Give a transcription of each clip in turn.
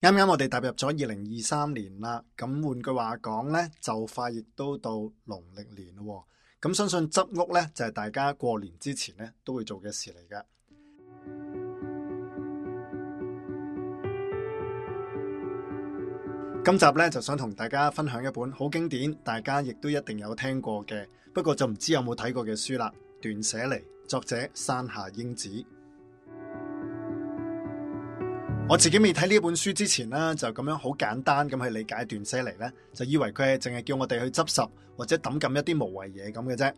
啱啱我哋踏入咗二零二三年啦，咁換句話講呢，就快亦都到農曆年喎。咁相信執屋呢，就係大家過年之前呢都會做嘅事嚟噶。今集呢，就想同大家分享一本好經典，大家亦都一定有聽過嘅，不過就唔知有冇睇過嘅書啦。斷捨離，作者山下英子。我自己未睇呢本書之前咧，就咁樣好簡單咁去理解斷捨離呢，就以為佢係淨係叫我哋去執拾或者抌咁一啲無謂嘢咁嘅啫。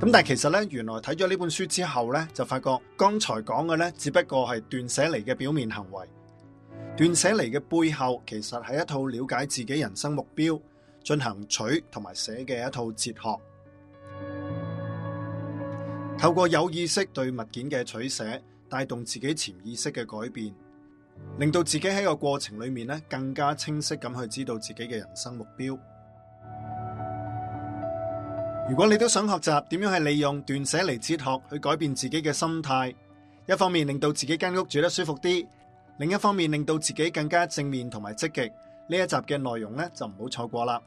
咁但係其實呢，原來睇咗呢本書之後呢就發覺剛才講嘅呢，只不過係斷捨離嘅表面行為。斷捨離嘅背後，其實係一套了解自己人生目標、進行取同埋捨嘅一套哲學。透過有意識對物件嘅取捨。帶動自己潛意識嘅改變，令到自己喺個過程裏面咧更加清晰咁去知道自己嘅人生目標。如果你都想學習點樣係利用斷捨離哲學去改變自己嘅心態，一方面令到自己間屋住得舒服啲，另一方面令到自己更加正面同埋積極，呢一集嘅內容咧就唔好錯過啦。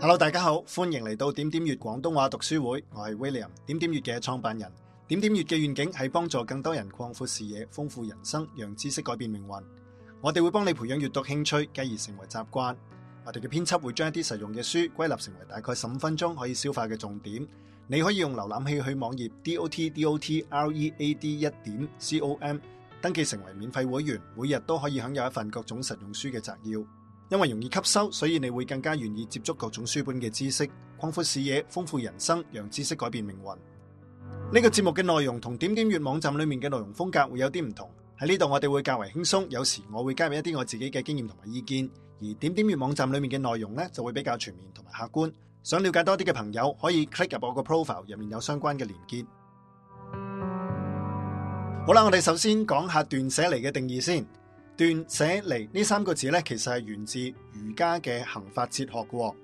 Hello，大家好，歡迎嚟到點點粵廣東話讀書會，我係 William，點點粵嘅創辦人。點點閱嘅願景係幫助更多人擴闊視野、豐富人生，讓知識改變命運。我哋會幫你培養閱讀興趣，繼而成為習慣。我哋嘅編輯會將一啲實用嘅書歸納成為大概十五分鐘可以消化嘅重點。你可以用瀏覽器去網頁 dotdotread 一點 com 登記成為免費會員，每日都可以享有一份各種實用書嘅摘要。因為容易吸收，所以你會更加願意接觸各種書本嘅知識，擴闊視野、豐富人生，讓知識改變命運。呢、這個節目嘅內容同點點閱網站裏面嘅內容風格會有啲唔同，喺呢度我哋會較為輕鬆，有時我會加入一啲我自己嘅經驗同埋意見，而點點閱網站裏面嘅內容呢，就會比較全面同埋客觀。想了解多啲嘅朋友可以 click 入我個 profile 入面有相關嘅連結。好啦，我哋首先講一下斷捨離嘅定義先。斷捨離呢三個字呢，其實係源自瑜伽嘅行法哲學嘅喎。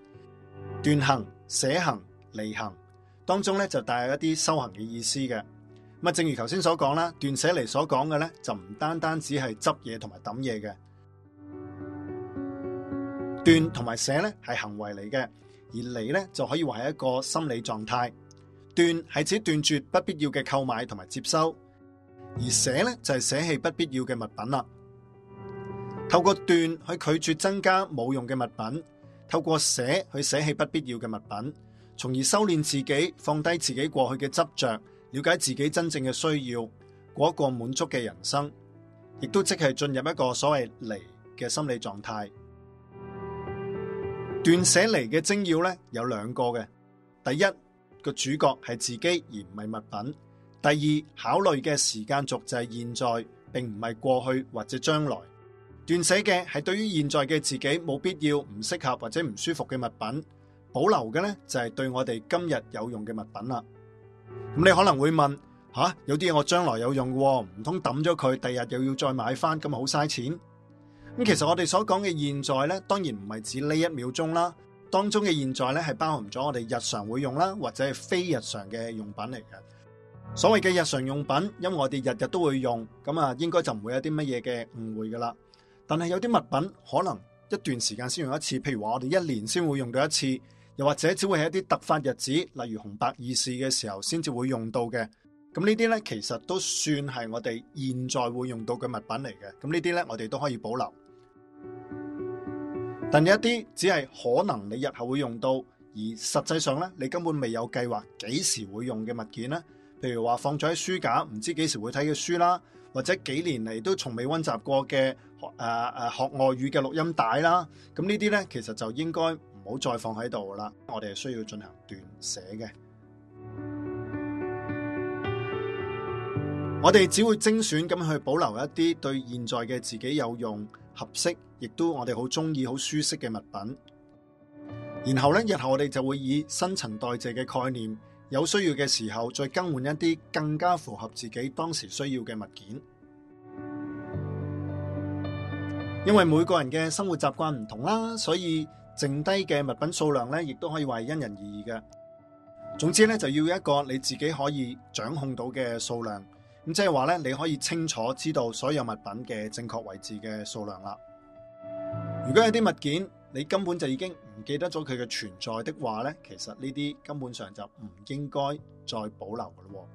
斷行、捨行、離行。當中咧就帶有一啲修行嘅意思嘅。咁正如頭先所講啦，斷捨離所講嘅咧，就唔單單只係執嘢同埋抌嘢嘅。斷同埋捨咧係行為嚟嘅，而離咧就可以話係一個心理狀態。斷係指斷絕不必要嘅購買同埋接收，而捨咧就係捨棄不必要嘅物品啦。透過斷去拒絕增加冇用嘅物品，透過捨去捨棄不必要嘅物品。從而修煉自己，放低自己過去嘅執着，了解自己真正嘅需要，過、那、一個滿足嘅人生，亦都即係進入一個所謂離嘅心理狀態。斷捨離嘅精要咧有兩個嘅，第一，個主角係自己而唔係物品；第二，考慮嘅時間軸就係現在，並唔係過去或者將來。斷捨嘅係對於現在嘅自己冇必要、唔適合或者唔舒服嘅物品。保留嘅呢，就係對我哋今日有用嘅物品啦。咁你可能會問吓、啊，有啲嘢我將來有用嘅，唔通抌咗佢，第日又要再買翻，咁啊好嘥錢。咁其實我哋所講嘅現在呢，當然唔係指呢一秒鐘啦。當中嘅現在呢，係包含咗我哋日常會用啦，或者係非日常嘅用品嚟嘅。所謂嘅日常用品，因為我哋日日都會用，咁啊應該就唔會有啲乜嘢嘅誤會噶啦。但係有啲物品可能一段時間先用一次，譬如話我哋一年先會用到一次。又或者只會係一啲突發日子，例如紅白二事嘅時候，先至會用到嘅。咁呢啲呢，其實都算係我哋現在會用到嘅物品嚟嘅。咁呢啲呢，我哋都可以保留。但有一啲只係可能你日後會用到，而實際上呢，你根本未有計劃幾時會用嘅物件呢，譬如話放咗喺書架，唔知幾時會睇嘅書啦，或者幾年嚟都從未温習過嘅學誒誒學外語嘅錄音帶啦。咁呢啲呢，其實就應該。唔好再放喺度啦！我哋係需要進行斷捨嘅，我哋只會精選咁去保留一啲對現在嘅自己有用、合適，亦都我哋好中意、好舒適嘅物品。然後呢，日後我哋就會以新陳代謝嘅概念，有需要嘅時候再更換一啲更加符合自己當時需要嘅物件。因為每個人嘅生活習慣唔同啦，所以。剩低嘅物品數量咧，亦都可以話係因人而異嘅。總之咧，就要一個你自己可以掌控到嘅數量。咁即係話咧，你可以清楚知道所有物品嘅正確位置嘅數量啦。如果有啲物件你根本就已經唔記得咗佢嘅存在的話咧，其實呢啲根本上就唔應該再保留嘅咯。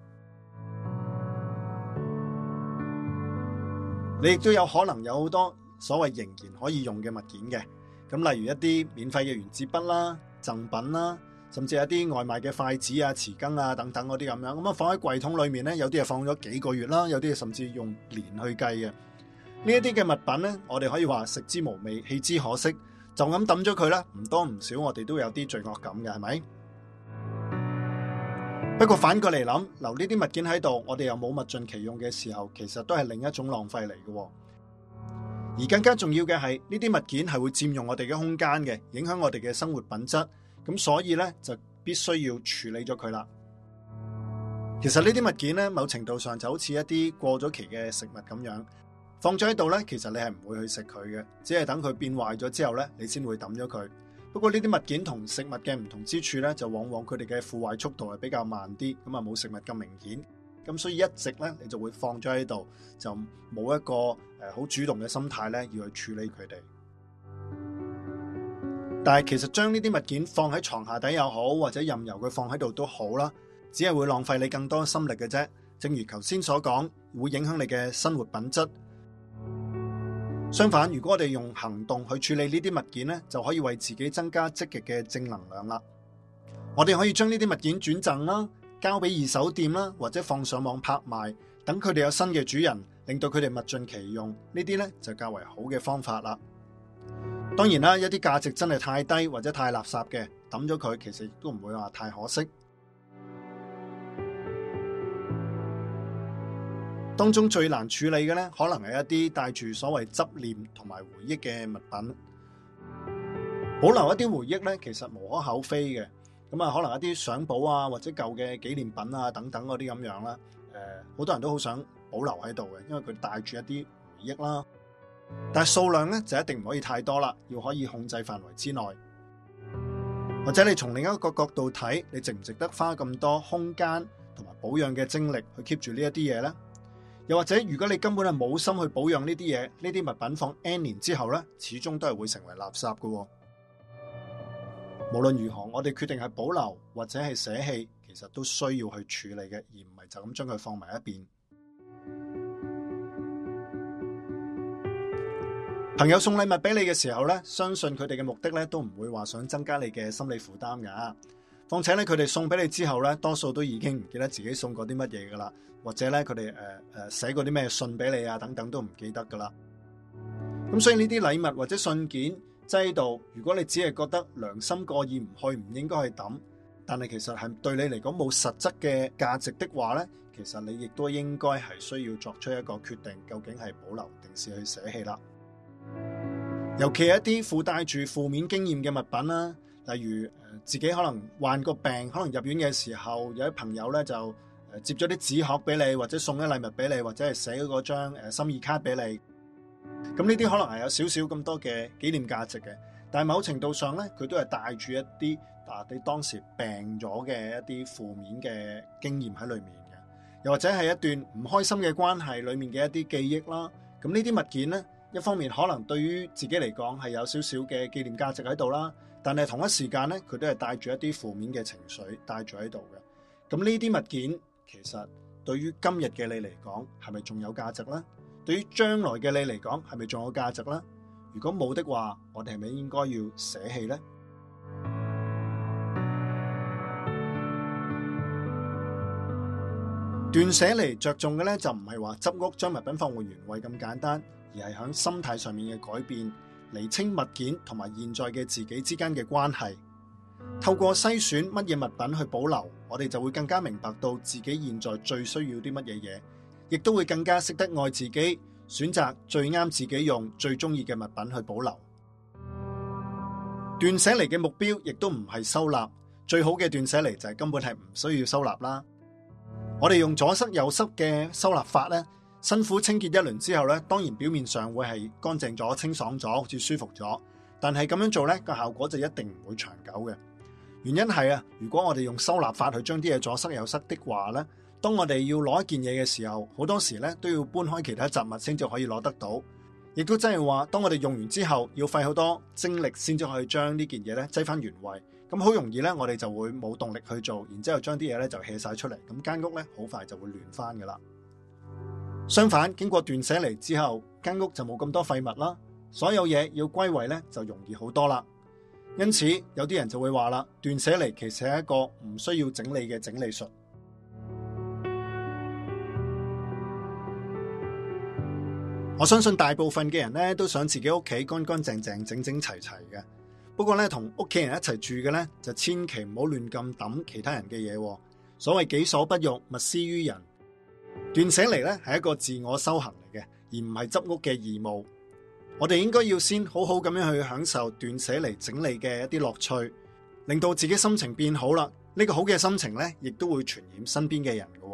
你亦都有可能有好多所謂仍然可以用嘅物件嘅。咁例如一啲免費嘅原子筆啦、贈品啦，甚至一啲外賣嘅筷子啊、匙羹啊等等嗰啲咁樣，咁啊放喺櫃桶裏面咧，有啲係放咗幾個月啦，有啲甚至用年去計嘅。呢一啲嘅物品咧，我哋可以話食之無味，棄之可惜，就咁抌咗佢啦，唔多唔少，我哋都有啲罪惡感嘅，係咪？不過反過嚟諗，留呢啲物件喺度，我哋又冇物盡其用嘅時候，其實都係另一種浪費嚟嘅。而更加重要嘅係，呢啲物件係會佔用我哋嘅空間嘅，影響我哋嘅生活品質。咁所以呢，就必須要處理咗佢啦。其實呢啲物件呢，某程度上就好似一啲過咗期嘅食物咁樣，放咗喺度呢，其實你係唔會去食佢嘅，只係等佢變壞咗之後呢，你先會抌咗佢。不過呢啲物件同食物嘅唔同之處呢，就往往佢哋嘅腐壞速度係比較慢啲，咁啊冇食物咁明顯。咁所以一直呢，你就會放咗喺度，就冇一個。誒，好主動嘅心態咧，要去處理佢哋。但係其實將呢啲物件放喺床下底又好，或者任由佢放喺度都好啦，只係會浪費你更多心力嘅啫。正如頭先所講，會影響你嘅生活品質。相反，如果我哋用行動去處理呢啲物件咧，就可以為自己增加積極嘅正能量啦。我哋可以將呢啲物件轉贈啦，交俾二手店啦，或者放上網拍賣，等佢哋有新嘅主人。令到佢哋物盡其用，呢啲呢就較為好嘅方法啦。當然啦，一啲價值真係太低或者太垃圾嘅，抌咗佢其實亦都唔會話太可惜。當中最難處理嘅呢，可能係一啲帶住所謂執念同埋回憶嘅物品。保留一啲回憶呢，其實無可厚非嘅。咁啊，可能一啲相簿啊，或者舊嘅紀念品啊等等嗰啲咁樣啦。誒，好多人都好想。保留喺度嘅，因為佢帶住一啲回憶啦。但係數量呢，就一定唔可以太多啦，要可以控制範圍之內。或者你從另一個角度睇，你值唔值得花咁多空間同埋保養嘅精力去 keep 住呢一啲嘢呢？又或者如果你根本係冇心去保養呢啲嘢，呢啲物品放 N 年之後呢，始終都係會成為垃圾嘅。無論如何，我哋決定係保留或者係捨棄，其實都需要去處理嘅，而唔係就咁將佢放埋一邊。朋友送禮物俾你嘅時候咧，相信佢哋嘅目的咧都唔會話想增加你嘅心理負擔噶。況且咧，佢哋送俾你之後咧，多數都已經唔記得自己送過啲乜嘢噶啦，或者咧佢哋誒誒寫過啲咩信俾你啊，等等都唔記得噶啦。咁所以呢啲禮物或者信件積喺度，如果你只係覺得良心過意唔去，唔應該去抌，但係其實係對你嚟講冇實質嘅價值的話咧，其實你亦都應該係需要作出一個決定，究竟係保留定是去捨棄啦。尤其係一啲附帶住負面經驗嘅物品啦，例如誒自己可能患過病，可能入院嘅時候，有啲朋友咧就誒接咗啲紙盒俾你，或者送咗禮物俾你，或者係寫咗張心意卡俾你。咁呢啲可能係有少少咁多嘅紀念價值嘅，但係某程度上咧，佢都係帶住一啲啊你當時病咗嘅一啲負面嘅經驗喺裡面嘅，又或者係一段唔開心嘅關係裡面嘅一啲記憶啦。咁呢啲物件咧。一方面可能對於自己嚟講係有少少嘅紀念價值喺度啦，但係同一時間呢，佢都係帶住一啲負面嘅情緒帶住喺度嘅。咁呢啲物件其實對於今日嘅你嚟講係咪仲有價值呢？對於將來嘅你嚟講係咪仲有價值呢？如果冇的話，我哋係咪應該要捨棄呢？斷捨離着重嘅呢，就唔係話執屋將物品放回原位咁簡單。而係喺心態上面嘅改變，釐清物件同埋現在嘅自己之間嘅關係，透過篩選乜嘢物品去保留，我哋就會更加明白到自己現在最需要啲乜嘢嘢，亦都會更加識得愛自己，選擇最啱自己用、最中意嘅物品去保留。斷捨離嘅目標亦都唔係收納，最好嘅斷捨離就係根本係唔需要收納啦。我哋用左塞右塞嘅收納法咧。辛苦清潔一輪之後咧，當然表面上會係乾淨咗、清爽咗、好似舒服咗。但係咁樣做咧，個效果就一定唔會長久嘅。原因係啊，如果我哋用收納法去將啲嘢，左塞右塞的話咧，當我哋要攞一件嘢嘅時候，好多時咧都要搬開其他雜物先至可以攞得到。亦都即係話，當我哋用完之後，要費好多精力先至可以將呢件嘢咧擠翻原位。咁好容易咧，我哋就會冇動力去做，然之後將啲嘢咧就棄晒出嚟。咁間屋咧好快就會亂翻噶啦。相反，經過斷捨離之後，間屋就冇咁多廢物啦，所有嘢要歸位咧就容易好多啦。因此，有啲人就會話啦，斷捨離其實係一個唔需要整理嘅整理術。我相信大部分嘅人咧都想自己屋企乾乾淨淨、整整齊齊嘅。不過咧，同屋企人一齊住嘅咧就千祈唔好亂咁抌其他人嘅嘢。所謂己所不欲，勿施於人。斷捨離咧係一個自我修行嚟嘅，而唔係執屋嘅義務。我哋應該要先好好咁樣去享受斷捨離整理嘅一啲樂趣，令到自己心情變好啦。呢個好嘅心情咧，亦都會傳染身邊嘅人噶。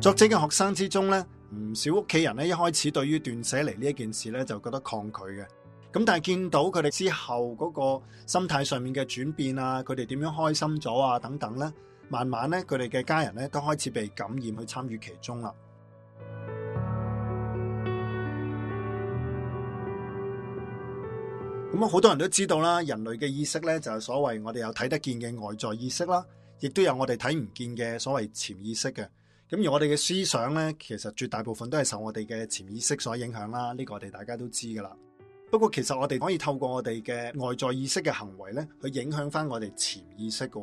作者嘅學生之中咧，唔少屋企人咧一開始對於斷捨離呢一件事咧就覺得抗拒嘅。咁但係見到佢哋之後嗰個心態上面嘅轉變啊，佢哋點樣開心咗啊等等咧。慢慢咧，佢哋嘅家人咧都開始被感染去參與其中啦。咁啊，好多人都知道啦，人類嘅意識咧就係所謂我哋有睇得見嘅外在意識啦，亦都有我哋睇唔見嘅所謂潛意識嘅。咁而我哋嘅思想咧，其實絕大部分都係受我哋嘅潛意識所影響啦。呢個我哋大家都知噶啦。不過其實我哋可以透過我哋嘅外在意識嘅行為咧，去影響翻我哋潛意識噶。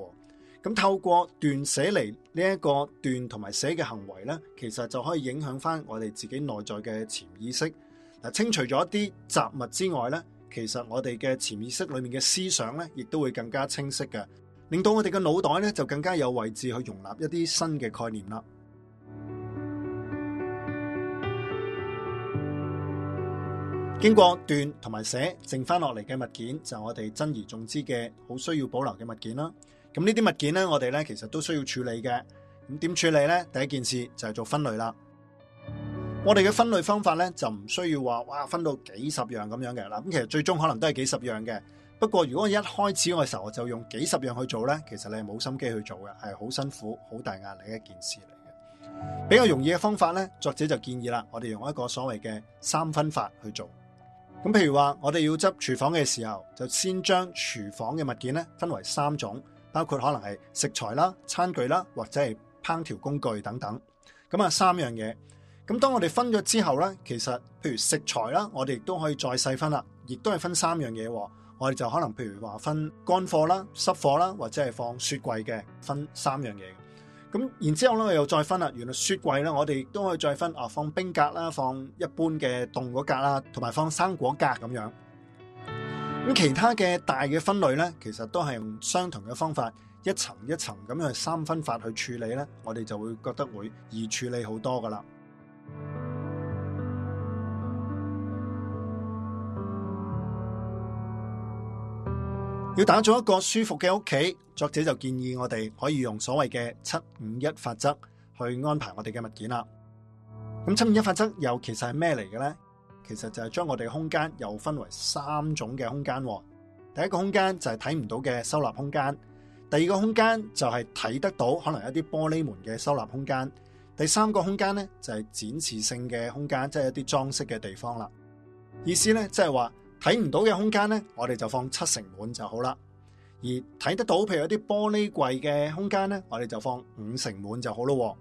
咁透過斷捨離呢一個斷同埋捨嘅行為咧，其實就可以影響翻我哋自己內在嘅潛意識。嗱，清除咗一啲雜物之外咧，其實我哋嘅潛意識裏面嘅思想咧，亦都會更加清晰嘅，令到我哋嘅腦袋咧就更加有位置去容納一啲新嘅概念啦。經過斷同埋捨，剩翻落嚟嘅物件就係我哋珍而重之嘅，好需要保留嘅物件啦。咁呢啲物件呢，我哋呢其實都需要處理嘅。咁點處理呢？第一件事就係做分類啦。我哋嘅分類方法呢，就唔需要話哇分到幾十樣咁樣嘅。嗱，咁其實最終可能都係幾十樣嘅。不過如果一開始嘅時候就用幾十樣去做呢，其實你係冇心機去做嘅，係好辛苦，好大壓力嘅一件事嚟嘅。比較容易嘅方法呢，作者就建議啦，我哋用一個所謂嘅三分法去做。咁譬如話，我哋要執廚房嘅時候，就先將廚房嘅物件呢，分為三種。包括可能係食材啦、餐具啦，或者係烹調工具等等。咁啊，三樣嘢。咁當我哋分咗之後呢，其實譬如食材啦，我哋亦都可以再細分啦，亦都係分三樣嘢。我哋就可能譬如話分乾貨啦、濕貨啦，或者係放雪櫃嘅，分三樣嘢。咁然之後呢，我又再分啦。原來雪櫃呢，我哋亦都可以再分，啊，放冰格啦、放一般嘅凍嗰格啦，同埋放生果格咁樣。咁其他嘅大嘅分類呢，其實都係用相同嘅方法，一層一層咁樣三分法去處理呢，我哋就會覺得會易處理好多噶啦。要打造一個舒服嘅屋企，作者就建議我哋可以用所謂嘅七五一法則去安排我哋嘅物件啦。咁七五一法則又其實係咩嚟嘅呢？其實就係將我哋空間又分為三種嘅空間，第一個空間就係睇唔到嘅收納空間，第二個空間就係睇得到可能一啲玻璃門嘅收納空間，第三個空間呢，就係展示性嘅空間，即係一啲裝飾嘅地方啦。意思呢，即係話睇唔到嘅空間呢，我哋就放七成滿就好啦；而睇得到譬如有啲玻璃櫃嘅空間呢，我哋就放五成滿就好咯。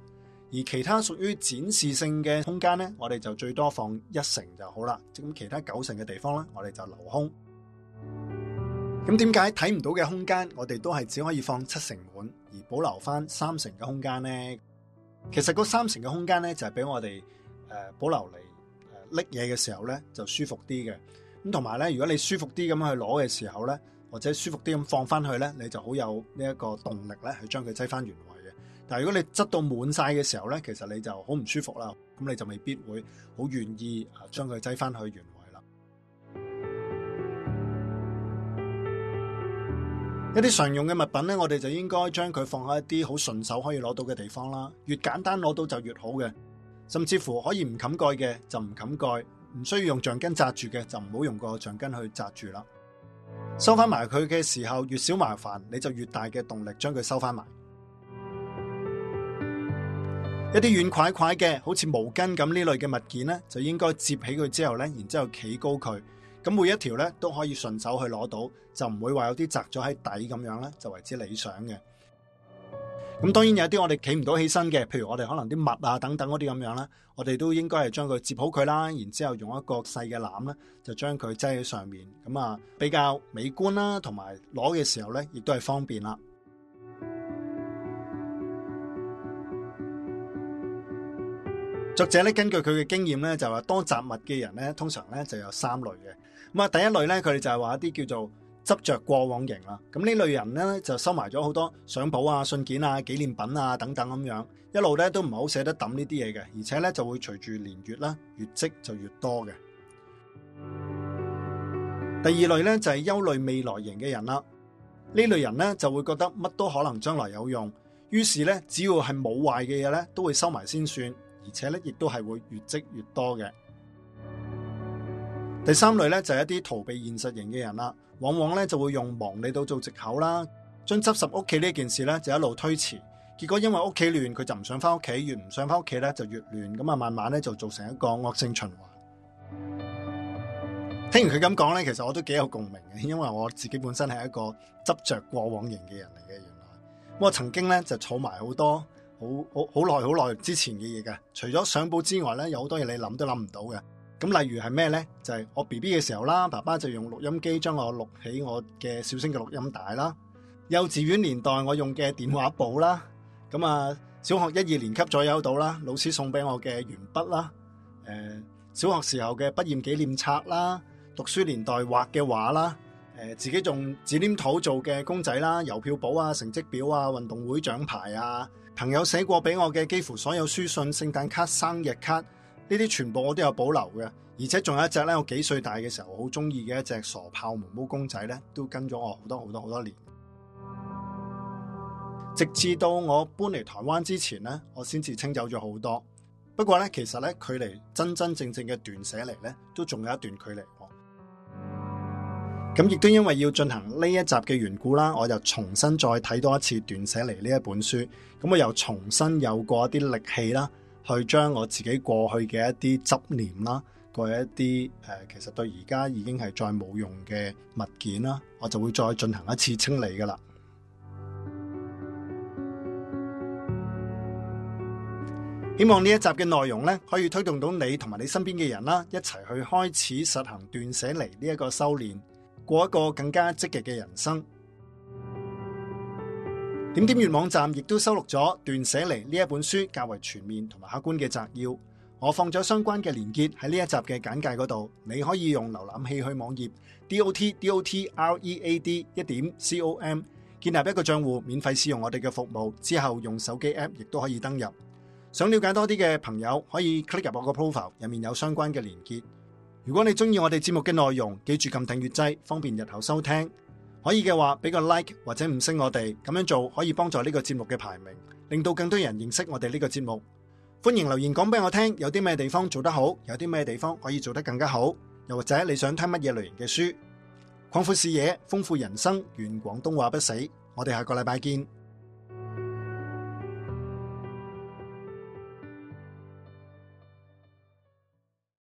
而其他屬於展示性嘅空間呢，我哋就最多放一成就好啦。咁其他九成嘅地方呢，我哋就留空。咁點解睇唔到嘅空間，我哋都係只可以放七成滿，而保留翻三成嘅空間呢？其實嗰三成嘅空間呢，就係俾我哋誒保留嚟拎嘢嘅時候呢，就舒服啲嘅。咁同埋呢，如果你舒服啲咁去攞嘅時候呢，或者舒服啲咁放翻去呢，你就好有呢一個動力呢，去將佢擠翻完。但如果你擠到滿晒嘅時候呢，其實你就好唔舒服啦。咁你就未必會好願意將佢擠翻去原位啦。一啲常用嘅物品呢，我哋就應該將佢放喺一啲好順手可以攞到嘅地方啦。越簡單攞到就越好嘅，甚至乎可以唔冚蓋嘅就唔冚蓋，蓋，唔需要用橡筋紮住嘅就唔好用個橡筋去紮住啦。收翻埋佢嘅時候，越少麻煩，你就越大嘅動力將佢收翻埋。一啲軟塊塊嘅，好似毛巾咁呢類嘅物件咧，就應該摺起佢之後咧，然之後企高佢，咁每一條咧都可以順手去攞到，就唔會話有啲砸咗喺底咁樣咧，就為之理想嘅。咁當然有啲我哋企唔到起身嘅，譬如我哋可能啲襪啊等等嗰啲咁樣啦，我哋都應該係將佢摺好佢啦，然之後用一個細嘅籃咧，就將佢擠喺上面，咁啊比較美觀啦，同埋攞嘅時候咧亦都係方便啦。作者咧，根據佢嘅經驗咧，就話多雜物嘅人咧，通常咧就有三類嘅。咁啊，第一類咧，佢哋就係話一啲叫做執着過往型啦。咁呢類人咧就收埋咗好多相簿啊、信件啊、紀念品啊等等咁樣，一路咧都唔係好捨得抌呢啲嘢嘅。而且咧就會隨住年月啦，越積就越多嘅。第二類咧就係憂慮未來型嘅人啦。呢類人咧就會覺得乜都可能將來有用，於是咧只要係冇壞嘅嘢咧，都會收埋先算。而且咧，亦都係會越積越多嘅。第三類咧就係一啲逃避現實型嘅人啦，往往咧就會用忙嚟到做借口啦，將執拾屋企呢件事咧就一路推遲。結果因為屋企亂，佢就唔想翻屋企，越唔想翻屋企咧就越亂，咁啊慢慢咧就造成一個惡性循環。聽完佢咁講咧，其實我都幾有共鳴嘅，因為我自己本身係一個執着過往型嘅人嚟嘅，原來。我曾經咧就儲埋好多。好好好耐好耐之前嘅嘢嘅，除咗相簿之外咧，有好多嘢你諗都諗唔到嘅。咁例如係咩呢？就係、是、我 B B 嘅時候啦，爸爸就用錄音機將我錄起我嘅小聲嘅錄音帶啦。幼稚園年代我用嘅電話簿啦，咁 啊小學一二年級左右到啦，老師送俾我嘅鉛筆啦，誒、呃、小學時候嘅畢業紀念冊啦，讀書年代畫嘅畫啦，自己用紙黏土做嘅公仔啦，郵票簿啊，成績表啊，運動會獎牌啊。朋友寫過俾我嘅幾乎所有書信、聖誕卡、生日卡，呢啲全部我都有保留嘅，而且仲有一隻咧，我幾歲大嘅時候好鍾意嘅一隻傻炮毛毛公仔咧，都跟咗我好多好多好多年，直至到我搬嚟台灣之前咧，我先至清走咗好多。不過咧，其實咧，距離真真正正嘅斷捨離咧，都仲有一段距離。咁亦都因為要進行呢一集嘅緣故啦，我就重新再睇多一次《斷捨離》呢一本書。咁我又重新有過一啲力氣啦，去將我自己過去嘅一啲執念啦，過去一啲誒、呃，其實對而家已經係再冇用嘅物件啦，我就會再進行一次清理噶啦。希望呢一集嘅內容呢，可以推動到你同埋你身邊嘅人啦，一齊去開始實行《斷捨離》呢一個修煉。過一個更加積極嘅人生。點點閱網站亦都收錄咗段寫嚟呢一本書較為全面同埋客觀嘅摘要。我放咗相關嘅連結喺呢一集嘅簡介嗰度，你可以用瀏覽器去網頁 dotdotread 一點 com 建立一個賬戶，免費試用我哋嘅服務，之後用手機 app 亦都可以登入。想了解多啲嘅朋友可以 click 入我個 profile，入面有相關嘅連結。如果你中意我哋節目嘅內容，記住撳訂閱掣，方便日後收聽。可以嘅話俾個 like 或者五星我哋，咁樣做可以幫助呢個節目嘅排名，令到更多人認識我哋呢個節目。歡迎留言講俾我聽，有啲咩地方做得好，有啲咩地方可以做得更加好，又或者你想聽乜嘢類型嘅書，擴闊視野，豐富人生。願廣東話不死。我哋下個禮拜見。